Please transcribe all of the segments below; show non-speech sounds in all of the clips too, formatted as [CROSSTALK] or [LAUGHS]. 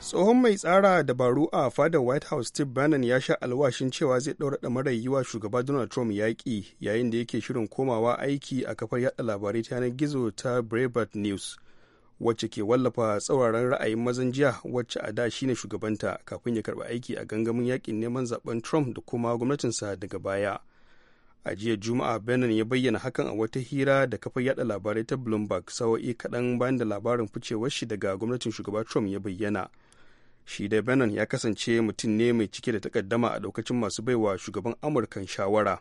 tsohon mai tsara dabaru a fadar white house steve bannon ya sha alwashin cewa zai ɗaura da yi wa shugaba donald trump yaƙi yayin da yake shirin komawa aiki a kafar yada labarai ta yanar gizo ta brevard news wacce ke wallafa tsauraran ra'ayin mazan jiya wacce a da shine shugabanta kafin ya karɓi aiki a gangamin yaƙin neman zaben trump da kuma gwamnatinsa daga baya a jiya juma'a bannon ya bayyana hakan a wata hira da kafar yada labarai ta bloomberg sawa'i kaɗan bayan da labarin ficewar shi daga gwamnatin shugaba trump ya bayyana shi dai benin ya kasance mutum ne mai cike da takaddama a daukacin masu baiwa shugaban amurkan shawara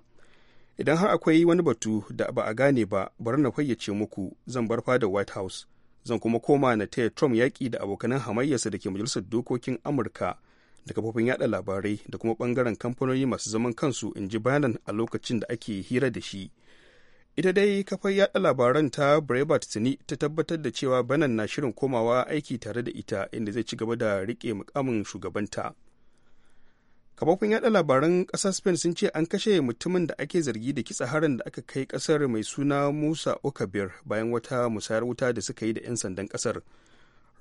idan har akwai wani batu da ba a gane ba bari na fayyace muku zan bar fadar white house zan kuma koma na taya trump yaƙi da abokanan hamayyarsa da ke majalisar dokokin amurka da kafofin yada labarai da kuma bangaren kamfanoni masu zaman kansu in ji a lokacin da ake hira da shi ita dai kafar yada labaran ta brevard sini ta tabbatar da cewa banan na shirin komawa aiki tare da ita inda zai ci gaba da rike mukamin shugabanta kafofin yada labaran kasar spain sun ce an kashe mutumin da ake zargi da kitsa harin da aka kai kasar mai suna musa okabir bayan wata musayar wuta da suka yi da 'yan sandan kasar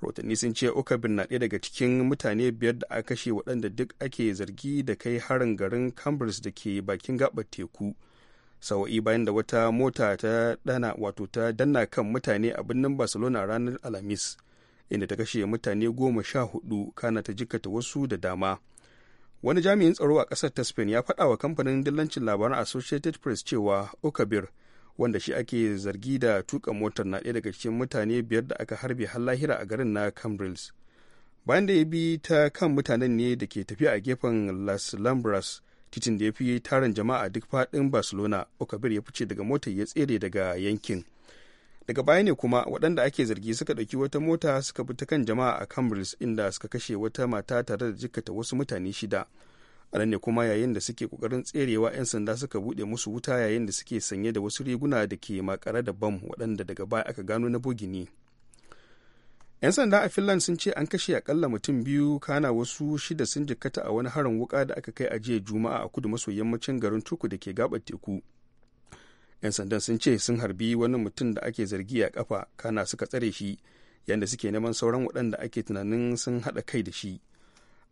rotanni sun ce okabir na ɗaya daga cikin mutane biyar da aka kashe waɗanda duk ake zargi da kai harin garin cambridge da ke bakin gabar teku sawa'i bayan da wata mota ta dana wato ta danna kan mutane a birnin barcelona ranar alhamis inda ta kashe mutane goma sha hudu kana ta jikata wasu da dama wani jami'in tsaro a kasar ta spain ya faɗa wa kamfanin dillancin labaran associated press cewa okabir wanda shi ake zargi da tuka motar na ɗaya daga cikin mutane biyar da aka harbe har lahira a garin na cambrils bayan da ya bi ta kan mutanen ne da ke tafiya a gefen las lambras kicin da ya fi taron jama'a duk faɗin barcelona okabir ya fice daga motar ya tsere daga yankin daga baya ne kuma waɗanda ake zargi suka ɗauki wata mota suka bi ta kan jama'a a cambridge inda suka kashe wata mata tare da jikkata wasu mutane shida a nan ne kuma yayin da suke kokarin tserewa 'yan sanda suka buɗe musu wuta yayin da suke sanye da wasu riguna da ke makare da bam waɗanda daga baya aka gano na bogini 'yan sanda a finland sun ce an kashe akalla mutum biyu kana wasu shida sun jikkata a wani harin wuka da aka kai a jiya juma'a a kudu maso yammacin garin turku da ke gabar teku 'yan sandan sun ce sun harbi wani mutum da ake zargi a kafa kana suka tsare shi yadda suke neman sauran waɗanda ake tunanin sun haɗa kai da shi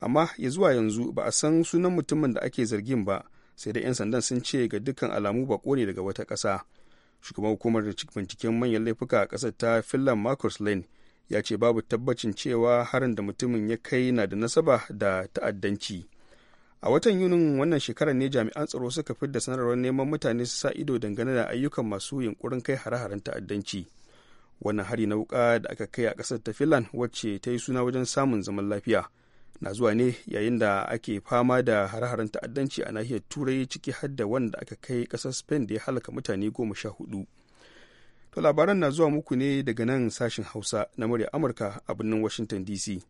amma ya zuwa yanzu ba a san sunan mutumin da ake zargin ba sai dai 'yan sandan sun ce ga dukkan alamu bako ne daga wata ƙasa shugaban hukumar binciken manyan laifuka a ƙasar ta finland marcus lane ya ce babu tabbacin cewa harin da mutumin ya kai na da nasaba da ta'addanci a watan yunin wannan shekarar ne jami'an tsaro suka da sanarwar neman mutane su sa ido dangane da ayyukan masu yunkurin kai hare-haren ta'addanci wannan hari na wuka da aka kai a ƙasar ta finland wacce ta yi suna wajen samun zaman lafiya na zuwa ne yayin da ake fama da hare-haren ta'addanci a nahiyar turai ciki har wanda aka kai ƙasar spain da ya halaka mutane goma sha hudu To labaran na zuwa muku ne daga nan sashen Hausa na murya Amurka a birnin Washington DC.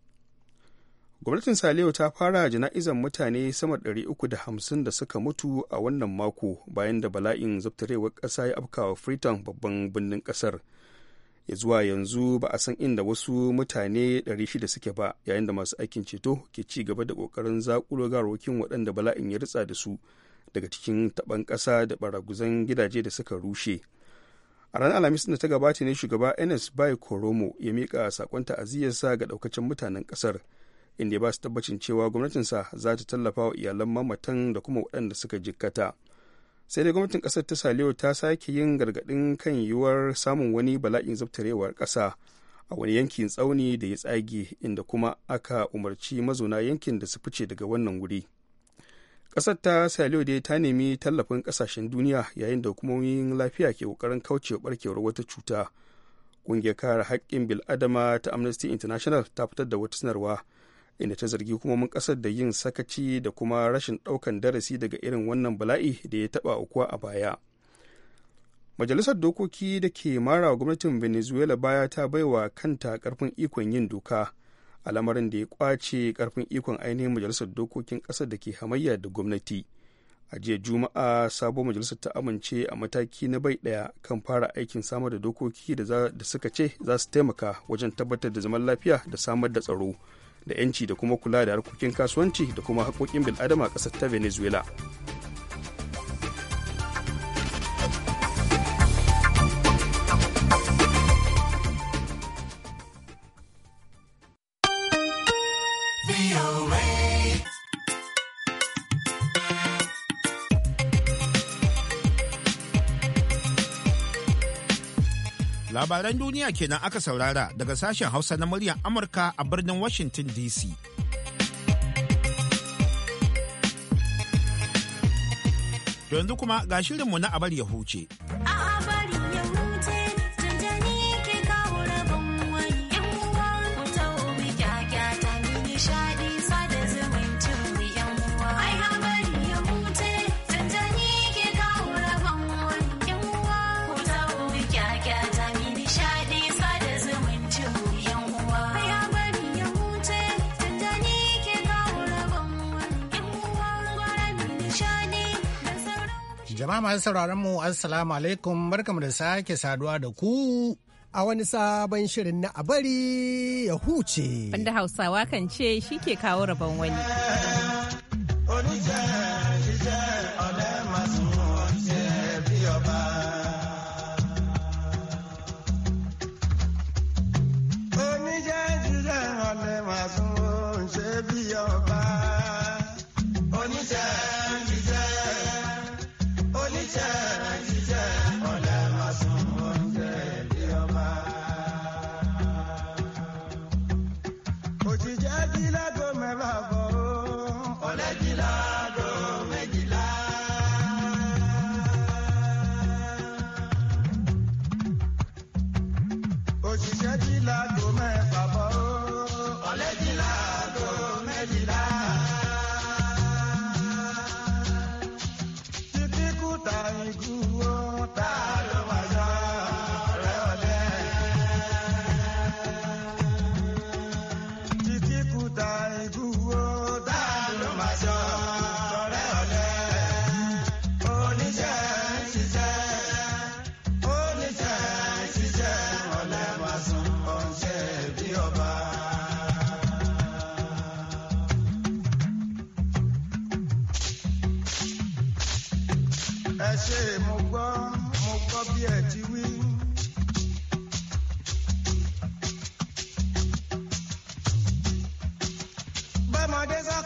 Gwamnatin Saliyo ta fara jana'izan mutane sama 350 da suka mutu a wannan mako bayan da bala'in zabtarewar ƙasa ya afkawa Freetown babban birnin ƙasar. Ya zuwa yanzu ba a san inda wasu mutane 600 suke ba yayin da masu aikin ceto ke ci gaba da ƙoƙarin zaƙulo garokin waɗanda bala'in ya ritsa da su daga cikin taɓan ƙasa da baraguzan gidaje da suka rushe. a ranar alhamis da ta gabata ne shugaba ns bai koromo ya miƙa sakon ta'aziyarsa ga daukacin mutanen ƙasar inda ba su tabbacin cewa gwamnatinsa za ta tallafa wa iyalan mamatan da kuma waɗanda suka jikkata sai dai gwamnatin ƙasar ta saliyo ta sake yin gargaɗin kan yiwuwar samun wani bala'in zabtarewar ƙasa a wani yankin tsauni da ya tsage inda kuma aka umarci mazauna yankin da su fice daga wannan wuri. ƙasar ta saliyo dai ta nemi tallafin ƙasashen duniya yayin da hukumomin lafiya ke ƙoƙarin kaucewa barkewar wata cuta ƙungiyar kare haƙƙin bil'adama ta amnesty international ta fitar da wata sanarwa inda ta zargi hukumomin ƙasar da yin sakaci da kuma rashin ɗaukan darasi daga irin wannan bala'i da ya taɓa ukuwa a baya majalisar dokoki da ke marawa gwamnatin venezuela baya ta baiwa kanta ƙarfin ikon yin doka a lamarin da ya kwace karfin ikon ainihin majalisar dokokin ƙasar da ke hamayya da gwamnati a jiya juma'a sabo majalisar ta amince a mataki na bai ɗaya kan fara aikin samar da dokoki da suka ce za su taimaka wajen tabbatar da zaman lafiya da samar da tsaro da 'yanci da kuma kula da harkokin kasuwanci da kuma haƙoƙin bil'adama a ƙasar ta venezuela Labaran duniya kenan aka saurara daga sashen Hausa na muryar Amurka a birnin Washington DC. yanzu kuma ga shirinmu na abar ya huce. Abar Jama'a masu sauraron mu Assalamu alaikum barkamu da sake saduwa da ku a wani sabon shirin na abari ya huce. Wanda Hausawa kan ce shi ke kawo rabon wani. mo ti jẹ́ kí lágọ̀ mẹ́fà bọ̀.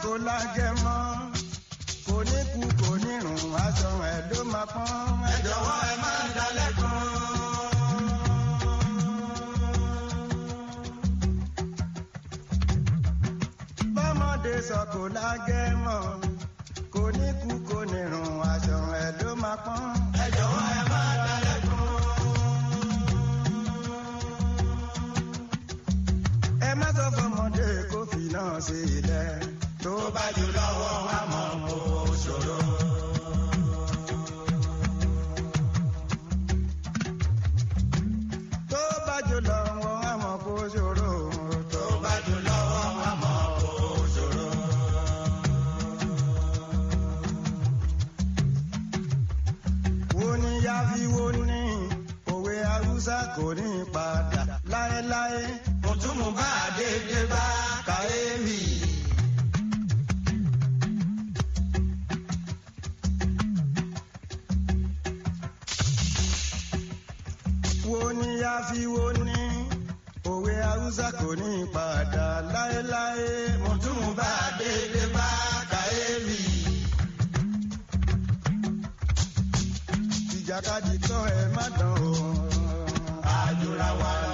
kó lájẹ mọ́ kò ní kú kò ní rùn aṣọ ẹ̀ ló máa pọ́n. ẹ jọ̀wọ́ ẹ má dalẹ̀ kan. bọ́mọdé sọ kó lájẹ mọ́ kò ní kú kò ní rùn aṣọ ẹ̀ ló máa pọ́n. ẹ jọ̀wọ́ ẹ má dalẹ̀ kan. ẹ má sọ fọmọdé kó fi náà sí ilẹ̀. ariwo ní òwe haúsá kò ní padà láéláé. mo tún mú bá a dédé bá kàyéfì. wo ni a fi wo ní òwe haúsá kò ní padà láéláé. mo tún bá. ìjàkadì tọ́ ẹ má dán o. àjòrà wàrà.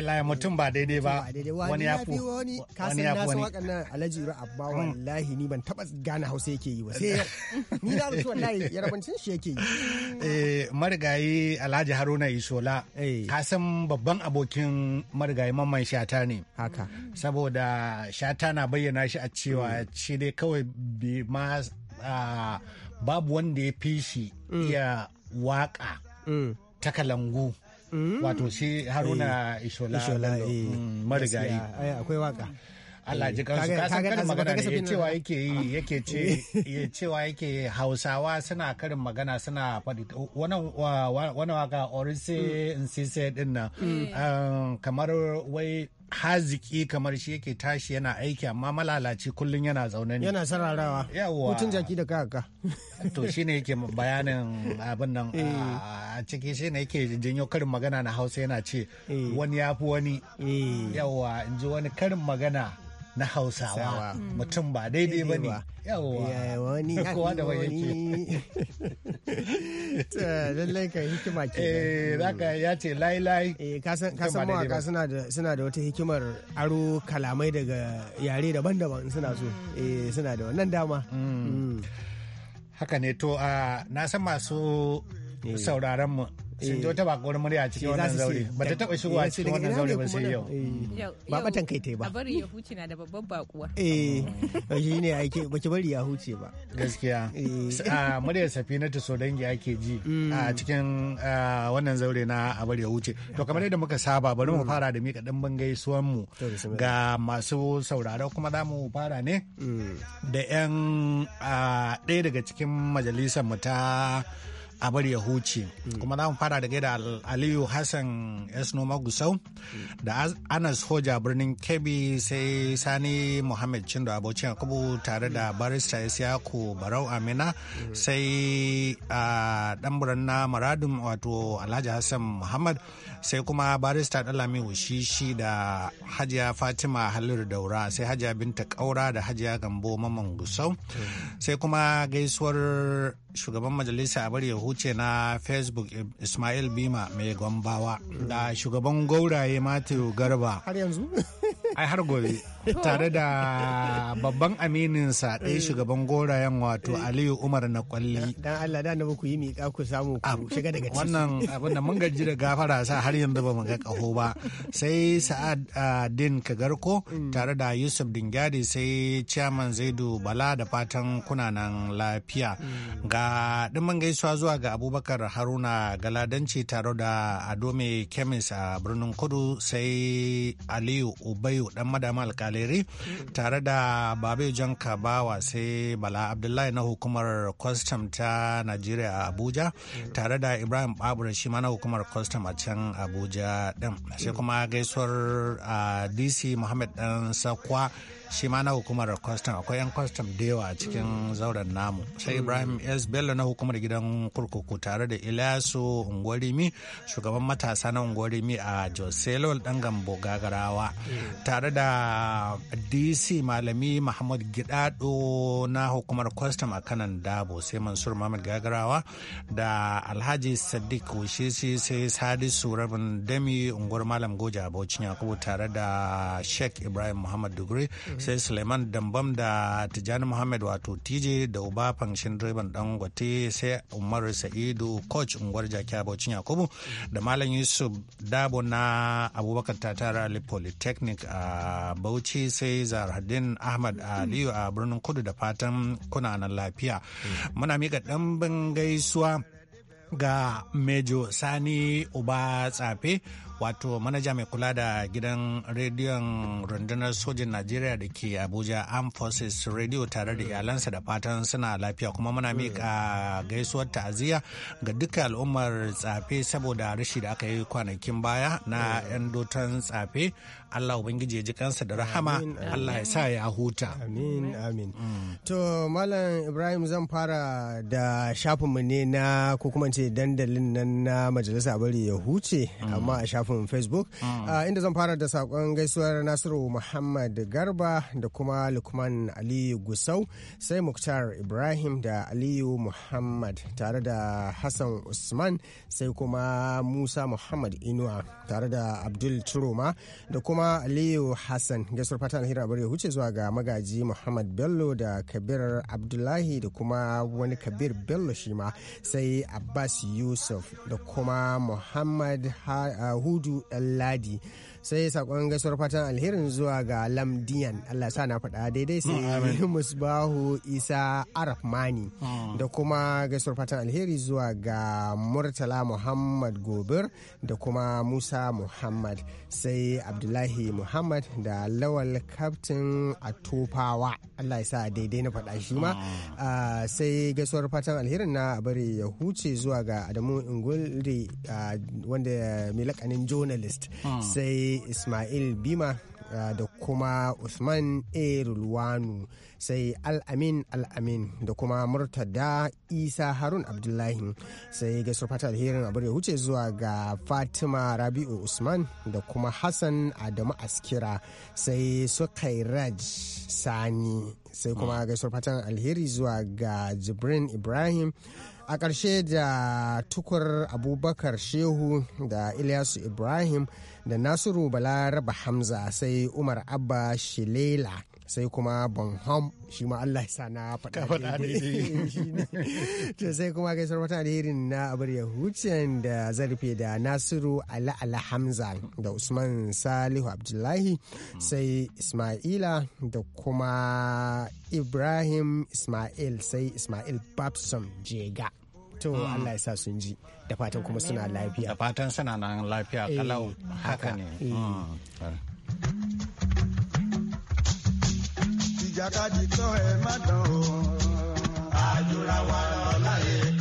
laye mutum ba daidai ba wani ya fi wani kasan na san wakan nan alhaji ru abba mm. wallahi ni ban taba gane hausa yake yi ba sai [LAUGHS] ni na rasu wallahi yarabancin shi yake yi eh marigayi alhaji haruna isola eh. ka san babban abokin marigayi mamman shata ne haka saboda shata na bayyana shi a cewa mm. shi dai kawai bi ma babu wanda ya fi shi mm. iya waka ta kalangu Mm. wato shi haruna eh. ishola eh. mm, marigayi eh, akwai waka Allah ji kansu ka san karin magana ne cewa yake yi yake ce [LAUGHS] cewa yake Hausawa suna karin magana suna faɗi wannan wannan waka Orise mm. Nsise din nan um, kamar wai haziki kamar shi yake tashi yana aiki amma malalaci kullum yana zaune ne yana sararawa yawa mutum jaki da kaka to [LAUGHS] shine yake bayanin abin nan eh. a ciki shine yake janyo karin magana na hausa yana ce eh. wani ya fi wani eh. yawa in wani karin magana na hausawa hmm. mutum ba daidai ba ne wani [LAUGHS] kowa da wani yake [LAUGHS] lallai ka hikima ke eh zaka ya ce lailai kasan eh, ka mawaka suna da wata hikimar aro kalamai daga yare daban-daban suna so hmm. eh, suna da wannan dama hmm. haka ne to ah, na san masu sauraron mu sun ji wata bakuwar murya cikin wannan zaure ba ta taba shigowa cikin wannan zaure ba sai yau ba batan kai tai ba bari ya huce na da babban bakuwa eh shi ne ake ba ki bari ya huce ba gaskiya a murya safina ta so dangi ake ji a cikin wannan zaure na a bari ya huce to kamar yadda muka saba bari mu fara mm. da mika dan bangai suwan mu ga masu sauraro kuma za mu fara ne mm. da yan ɗaya ah, daga cikin majalisar mu ta a bari ya huce mm. kuma za mu fara da gaida aliyu hassan esno gusau mm. da anas hoja birnin kebbi sai sani muhammad cindo abocin yakubu tare da mm. barista isiyaku barau amina sai a dan na muradun wato alhaji hassan muhammad sai kuma barista dalami shishi da hajiya fatima halilu daura sai hajiya binta kaura da hajiya gambo maman gusau sai kuma gaisuwar shugaban majalisa a bari ya huce na facebook ismail bima mai gombawa da shugaban gauraye matthew garba har yanzu ai har gobe tare da babban aminin sa ɗaya mm. shugaban gorayen wato mm. aliyu umar na kwalli dan allah da na ku yi miƙa ku samu ku shiga daga ciki wannan abin mun gaji da gafara sa har yanzu ba mu ga kaho ba sai sa'ad ah, din kagarko mm. tare da yusuf dingadi sai chairman zaidu bala da fatan kuna nan lafiya ga dimin gaisuwa zuwa ga abubakar haruna galadanci tare da adome kemis a birnin kudu sai aliyu ubayu aliyu dan madama alkalere tare da babe jan kabawa sai bala abdullahi na hukumar kwastam ta najeriya a abuja tare da ibrahim babura shi ma na hukumar kwastam a can abuja din sai kuma gaisuwar dc muhammad dan sakwa shi ma na hukumar kwastam akwai 'yan kwastam da yawa a cikin zauren namu sai ibrahim s bello na hukumar gidan kurkuku tare da ilyasu ungwarimi shugaban matasa na ungwarimi a joselol dan gambo gagarawa tare da dc malami mahmud gidado na hukumar kwastam a kanan dabo sai mansur mamad gagarawa da alhaji sadiq wushishi sai sadisu rabin dami unguwar malam goja abocin yakubu tare da sheikh ibrahim muhammad dugri sai suleiman dambam da tijjani muhammad wato tj da uba fanshin direban dangote sai umaru sa'idu coach unguwar jaki abocin yakubu da malam yusuf dabo na abubakar tatara polytechnic a a Bauchi sai Zahraddin Ahmad Aliyu a birnin Kudu da fatan kuna nan lafiya. Muna miƙa ɗan gaisuwa ga Mejo Sani Uba Tsafe wato manaja mai kula da gidan rediyon rundunar sojin najeriya da ke abuja armed forces radio tare da iyalansa da fatan suna lafiya kuma muna miƙa gaisuwar ta'aziyya ga duka al'ummar tsafe saboda rashi da aka yi kwanakin baya na 'yan doton tsafe Allah ubangiji ya ji kansa da rahama Allah ya sa ya huta amin amin mm. to malam Ibrahim zan fara da shafinmu ne na ko kuma ce dandalin nan na majalisa bari ya huce mm. amma a shafin Facebook mm. ah, inda zan fara da saƙon gaisuwar Nasiru Muhammad Garba da kuma Lukman Aliyu Gusau sai Muktar Ibrahim da Aliyu Muhammad tare da Hassan Usman sai kuma Musa Muhammad Inuwa tare da Abdul Turoma da kuma kuma aliyu hassan gaisuwar fata alheri abar ya wuce zuwa ga magaji muhammad bello da kabir abdullahi da kuma wani kabir bello shi ma sai abbas yusuf da kuma muhammad hudu ladi sai sakon gaisuwar fatan alherin zuwa ga lamdiyan Allah sa na faɗa daidai sai mm, [LAUGHS] musbahu isa arafmani mm. da kuma gaisuwar fatan alheri zuwa ga murtala muhammad gobir da kuma musa muhammad sai abdullahi muhammad da lawal kaftin atofawa Allah ya sa daidai na faɗa shi ma mm. ah, sai gaisuwar fatan alherin na bari ya huce zuwa ga adamu ingulri ah, wanda mai lakanin journalist sai sai ismail bima uh, da kuma usman a rulwanu sai Al-Amin, Al-Amin da kuma murtada isa harun abdullahi sai ga fata alherin abu da huce zuwa ga fatima rabi'u usman da kuma hassan adamu askira sai su kairaj sani sai kuma mm. ga fatan alheri zuwa ga jibrin ibrahim a ƙarshe da tukur abubakar shehu da ilyasu ibrahim da nasiru balaraba hamza sai umar abba shilela sai kuma bonham shi ma allah sa na faɗa [LAUGHS] to sai kuma gaisar wata alherin na abar yahucin da zarfe da nasiru ala ala hamza da usman salihu abdullahi sai ismaila da kuma ibrahim ismail sai ismail babson jega to hmm. Allah ya sa sun ji da fatan kuma suna lafiya da fatan suna nan lafiya eh, kalau haka ne eh. hmm. ìjàkadì tó ẹ má dán o àjùra wa lọ láyé.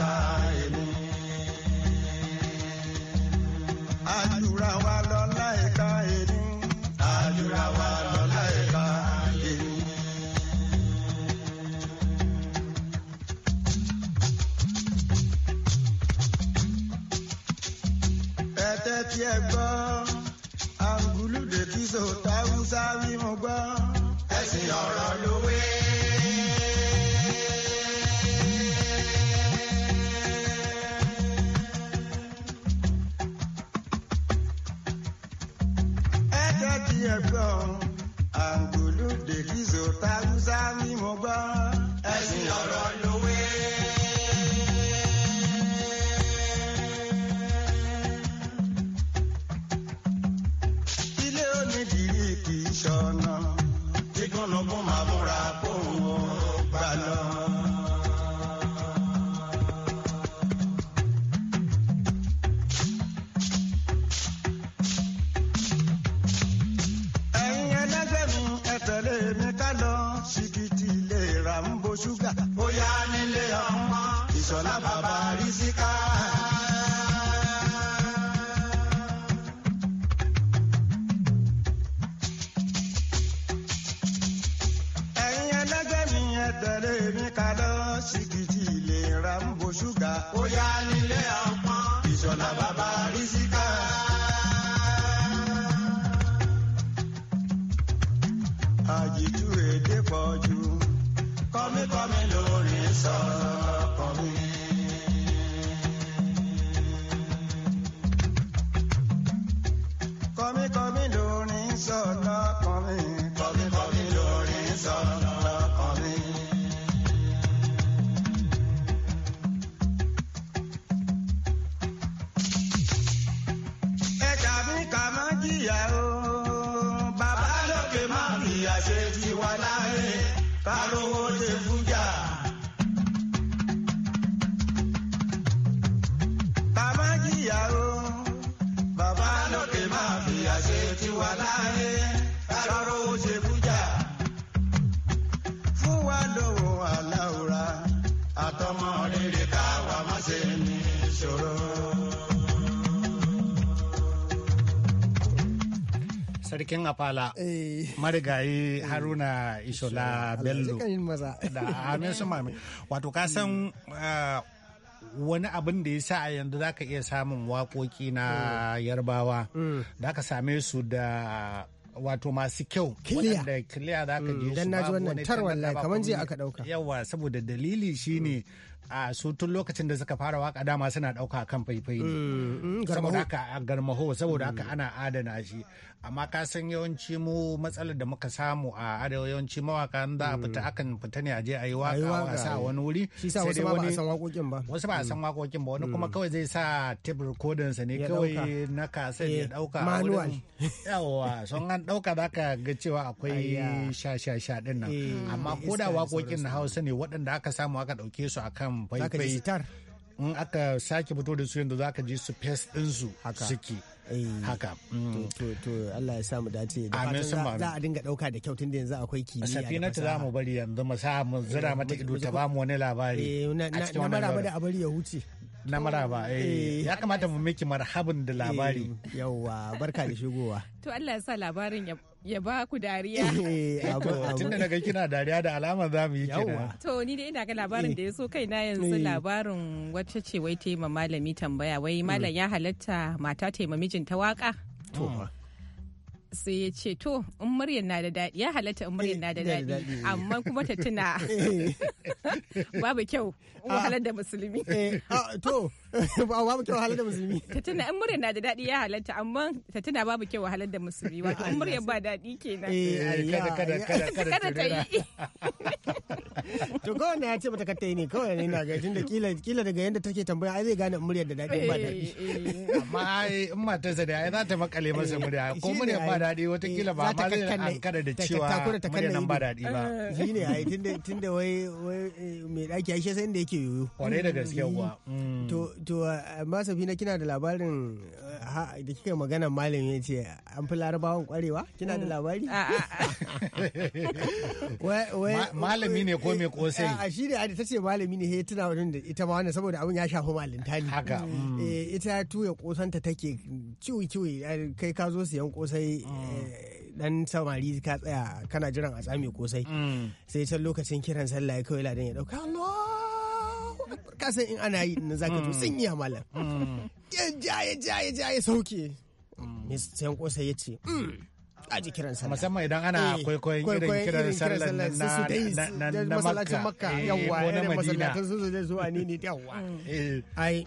ẹ gbọ́ àǹgùlùdè tí sòtá húsá wí mo gbọ́. ẹ̀sìn ọ̀rọ̀ lówé. ẹ̀jẹ̀ tí ẹ gbọ́ àǹgùlùdè tí sòtá húsá wí mo gbọ́. pọ̀ jù kọ́míkọ́mí lórí sọ sarkin afala eh. marigayi haruna ishola bello da amin su mami wato ka san uh, wani abin da ya sa a yanzu za ka iya samun waƙoƙi na mm. yarbawa mm. da ka same su da wato masu kyau wadanda kiliya za ka mm, je su babu wani tarwalla kamar jiya aka ɗauka yawa saboda dalili shine a su tun lokacin da suka fara waka dama suna dauka kan faifai ne mm, mm, saboda haka garmaho saboda haka mm. ana adana shi amma ka san yawanci mu matsalar da muka samu a arewa yawanci mawaka za a fita akan fita ne a je a yi waka a sa wani wuri sai dai wasu ba a san wakokin ba wasu ba a san wakokin ba wani kuma kawai zai sa tape recording sa ne kawai na kasa ya dauka eh, wurin yawa son an dauka ka ga cewa akwai sha sha sha din nan eh, amma ko da wakokin na Hausa ne waɗanda aka samu aka dauke su akan wannan faifaitar in aka sake fito da su yadda za ka ji su fes ɗinsu suke eh. haka mm. to to Allah ya samu dace da fatan za a dinga ɗauka da kyau tunda yanzu akwai kimiyya safina ta za mu bari yanzu mu sa mu zira eh, mata ido ta ba mu wani labari eh, a cikin wani labari da abari ya huce na maraba eh ya kamata mu miki marhabin da labari yawwa barka da shigowa to Allah ya sa labarin ya ya ba ku dariya. [LAUGHS] Eh, Tun da naga kina dariya da alama za mu yi kenan. To ni da ina ga labarin da ya so kaina yanzu eh. labarin wacce ce wai ta yi ma malami tambaya wai mm. malam ya halatta mata taima mijinta waka. sai ya ce to in muryar na da daɗi ya halatta in muryar na da daɗi amma kuma ta tuna [LAUGHS] babu kyau wahalar da musulmi eh, ah, to [LAUGHS] babu kyau wahalar da musulmi ta tuna in muryar na da daɗi ya halatta amma ta tuna babu kyau wahalar da musulmi [LAUGHS] wato in muryar ba daɗi kenan eh, eh, kada kada kada ta yi to kawai na ya ce mata kata yi ne kawai ne na ga tun da kila daga yadda take tambaya ai zai gane muryar da daɗi ba daɗi amma ai in matarsa da ai za ta makale masa murya ko murya ba daɗi watakila eh, ba ma zai kada da cewa muryar nan ba daɗi ba eh. shi ne tun tunda wai eh, mai ɗaki aishe sai inda yake yoyo kwarai da gaske kuwa. Mm. to to amma na kina da labarin da kika magana malam ya ce an fi larabawan kwarewa kina da mm. labari ah, ah, ah. [LAUGHS] malami ne ko mai kosai a shi ne ta ce malami ne ya tuna wani da ita ma wannan saboda abin ya shafi malinta ne haka mm. ita tuya kosanta take ciwi ciwi kai ka zo siyan kosai Eh, dan samari ka tsaya kana jiran a tsami kosai mm. sai can lokacin kiran sallah ya kawai ladan ya dauka no ka san in ana yi na zaka to mm. sun yi malam mm. ya ja ya ja ya ja ya sauke me sayan kosai ya ce a ji kiran sallah musamman idan ana eh, kwaikwayon irin kiran sallah na na masallacin makka eh, yawwa na masallacin su zai zuwa ni ne yawwa [LAUGHS] ai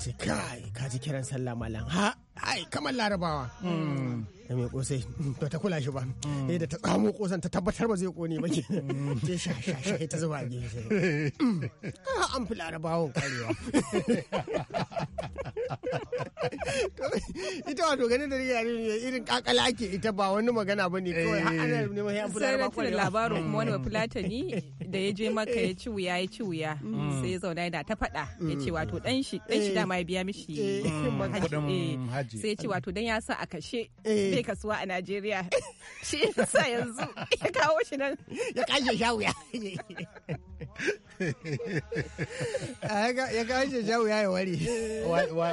ce kai ka ji kiran sallah malam ha ai kamar larabawa da mai kosai [LAUGHS] to ta kula shi ba eh mm. da ta tsamo kosan ta tabbatar ba zai kone ba ke mm. sai [LAUGHS] sha sha sha ta zuba a gefe [LAUGHS] ah an fi larabawan karewa ita wato ganin da riga ne irin kakala ake ita ba wani magana ba ne kawai har ana ne mai an fi larabawan kwarewa labarin wani mm. ne da ya je maka ya ci wuya ya ci wuya sai ya zauna yana ta faɗa ya ce wato dan shi dan shi eh. dama ya biya mishi eh. eh. haji sai ya ce wato dan ya sa a kashe bai kasuwa a Najeriya. [LAUGHS] Shi sa yanzu ya kawo shi nan. Ya kashe shawuya. Ya kashe shawuya ya wari.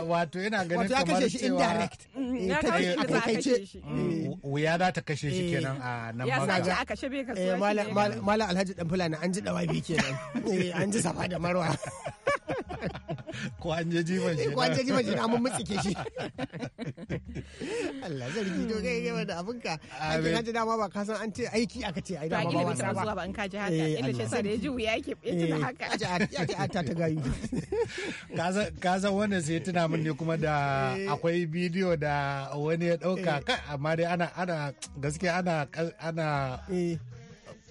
Wato yana ganin kamar cewa. Wato mm, mm, eh, ya kashe shi indirect. Ya kashe shi Wuya za ta kashe shi eh. kenan a nan magana. Ya sace a kashe bai kasuwa. Eh, Mallam Alhaji Danfula na an ji dawa bi kenan. [LAUGHS] An ji safa da marwa. kwanje an je jifan shi kwanje an je jifan shi mun mutsike shi [LAUGHS] Allah zargi to kai ga da abin ka ake kaji dama ba ka san an ce aiki aka ce ai dama ba wasa ba ba in ka ji haka eh, inda shi sa da ya ji wuya yake tuna eh, haka ya a ta ta gayu [LAUGHS] ka san wannan sai tuna mun ne kuma da eh. akwai bidiyo da wani ya dauka amma dai ana ana gaskiya ana ana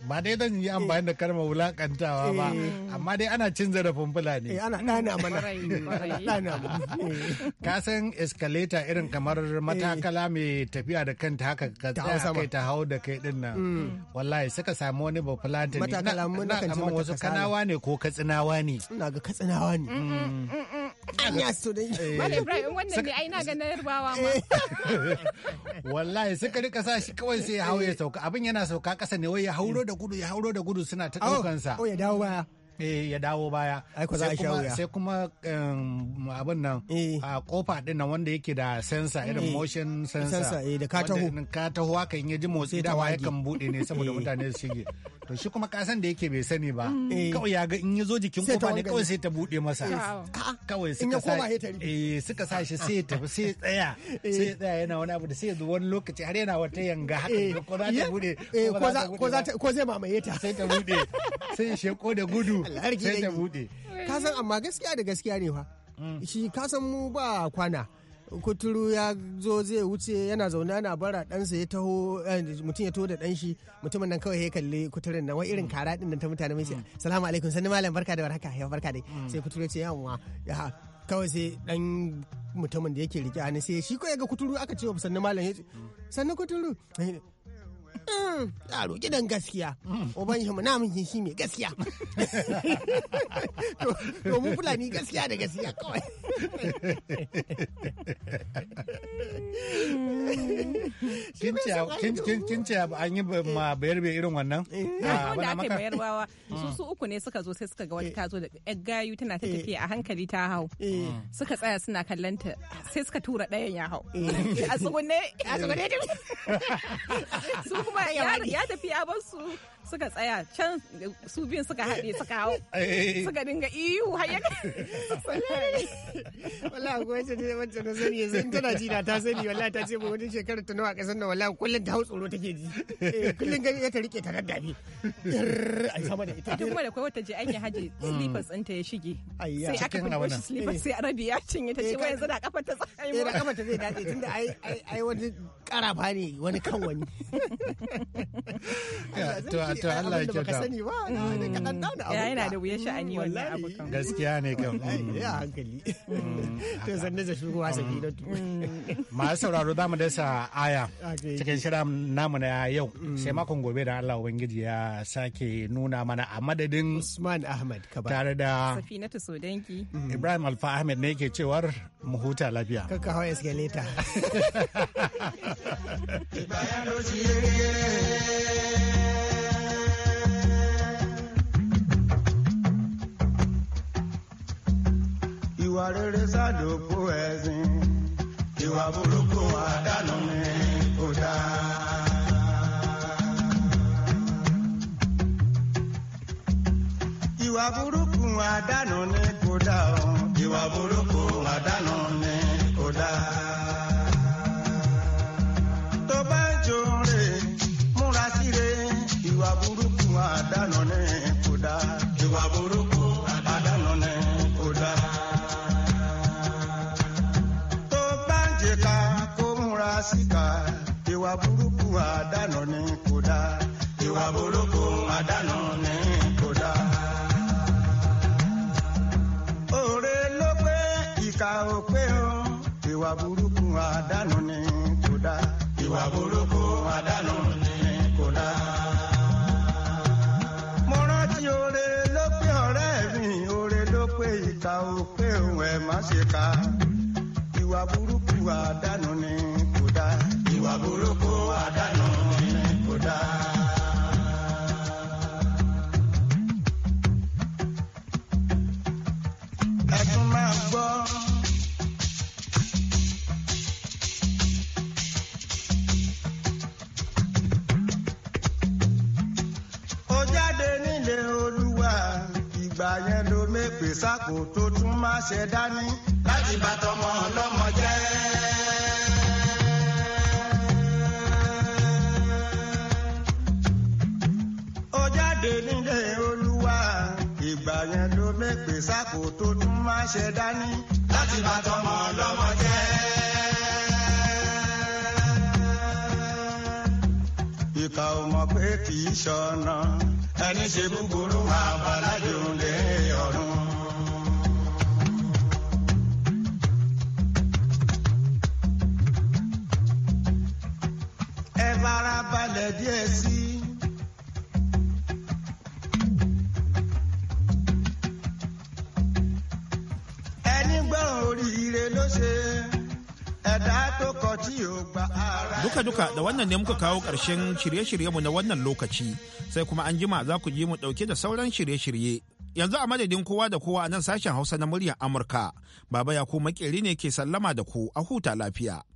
ba dai zan yi amfani da karma wulakantawa ba eh. amma dai ana cin zarafin fulani eh, ana ɗana mana ɗana [LAUGHS] eh. ka san escalator irin kamar matakala mai tafiya da kanta haka ka tsaya kai ta hau da kai din nan mm. wallahi suka samu wani ba fulani ne matakala na kan wasu kanawa ne ko katsinawa ne ina ga katsinawa ne mm, mm, su dai wannan ne ai na ga ma [LAUGHS] wallahi suka rika sa shi kawai sai ya hau ya sauka abin yana sauka kasa ne wai ya hauro da gudu ya hauro da gudu suna ta ɗaukansa. Oh, ya dawo baya. eh ya dawo baya sai kuma abin nan eh. a kofa din nan wanda yake da sensor, irin mm. motion sensa eh, da ka taho ka taho hakan ya ji motsi da ya kan bude ne saboda eh. mutane su shige [LAUGHS] to shi kuma kasan da yake bai sani ba mm. eh. kawai ya ga in ya zo jikin kofa ne kawai sai ta bude masa kawai suka sa eh suka sa shi sai tafi sai tsaya eh. sai tsaya yana wani abu da sai zo lokaci har yana wata yanga haka eh. ko za ta bude ko za ta ko zai mamaye ta sai ta bude sai sheko da gudu [LAUGHS] sai ta bude kasan amma gaskiya da gaskiya ne fa mm. shi kasan mu ba kwana kuturu ya zo zai wuce yana zaune ana bara ɗansa ya taho eh, mutum ya taho da ɗan shi mutumin nan kawai ya kalli kuturin nan wai irin mm. kara ɗin nan ta mutane mai mm. salamu alaikum sannu malam barka da barka ya barka dai mm. sai kuturu ya ce wa ya kawai sai ɗan mutumin da yake rike hannu sai shi ko ya ga kuturu aka ce wa sannu malam ya ce sannu kuturu Mm, roƙi don gaskiya oban shi mun shi mai gaskiya [LAUGHS] to mu fulani gaskiya da gaskiya kawai [LAUGHS] kin ce an yi ma bayar bai irin wannan eh. ah, wanda aka ake bayarwa su mm. su uku ne suka zo sai suka ga wani eh. ta zo da yar gayu tana ta eh. tafi a hankali ta hau suka tsaya suna kallanta sai suka tura ɗayan ya hau a tsugunne a tsugunne [LAUGHS] su kuma ya tafi ya bar su suka tsaya can su biyun suka haɗe suka hau eh. suka dinga iyu hayyaka wala ko wace ne wacce na sani yanzu in tana jina ta sani wala ta ce ba wani shekarar ta nawa kasar nan wala kullum ta hau tsoro take ji eh, kullum gani ta rike ta daddabe ai sama da ita duk wanda kai wata je an yi haji mm. slippers ta ya shige sai aka fito shi slippers eh. sai arabi ya cinye ta ce wai yanzu da kafar ta tsakai mu da kafar ta zai dace tunda ai ai wani karafa ne wani kan wani [LAUGHS] wato Allah ya kyauta sani ba da mm. ka dan dauna abu yana da wuya sha'ani wannan abu kan gaskiya ne kan [LAUGHS] ya mm. hankali mm. to zanne da shugaba sabi da masu sauraro za mu dasa aya cikin shirin namu na yau sai makon gobe da Allah ubangiji ya sake nuna mana a madadin Usman Ahmad Kaba tare da Safinatu Sodanki Ibrahim Alfa Ahmed ne yake cewar mu huta lafiya kaka hawa escalator bayan [LAUGHS] [LAUGHS] ìwà rere sádòkó ẹ̀sìn ìwà burúkú àdánù ni kò dáa. ìwà burúkú àdánù ni kò dáa. ìwà burúkú ṣèkà ìwà burúkú àdánù ni kò dá. ìwà burúkú àdánù ni kò dá. ẹ máa gbọ́. ó jáde nílé olúwa ìgbà yẹn ló mépè sákòótó ṣe dání láti bá tọmọ ọlọ́mọ jẹ́. ó jáde nílé olúwa ìgbà yẹn ló mépè sákò tó tún máa ṣe dání láti bá tọmọ ọlọ́mọ jẹ́. ò mọ̀ pé kì í ṣọ̀nà ẹni ṣe gbogbo duka-duka da wannan ne muka kawo ƙarshen shirye-shiryenmu na wannan lokaci sai kuma an jima za ku ji mu ɗauke da sauran shirye-shirye. yanzu a madadin kowa da kowa a nan sashen hausa na muryar amurka baba ya ku makeri ne ke sallama da ku a huta lafiya.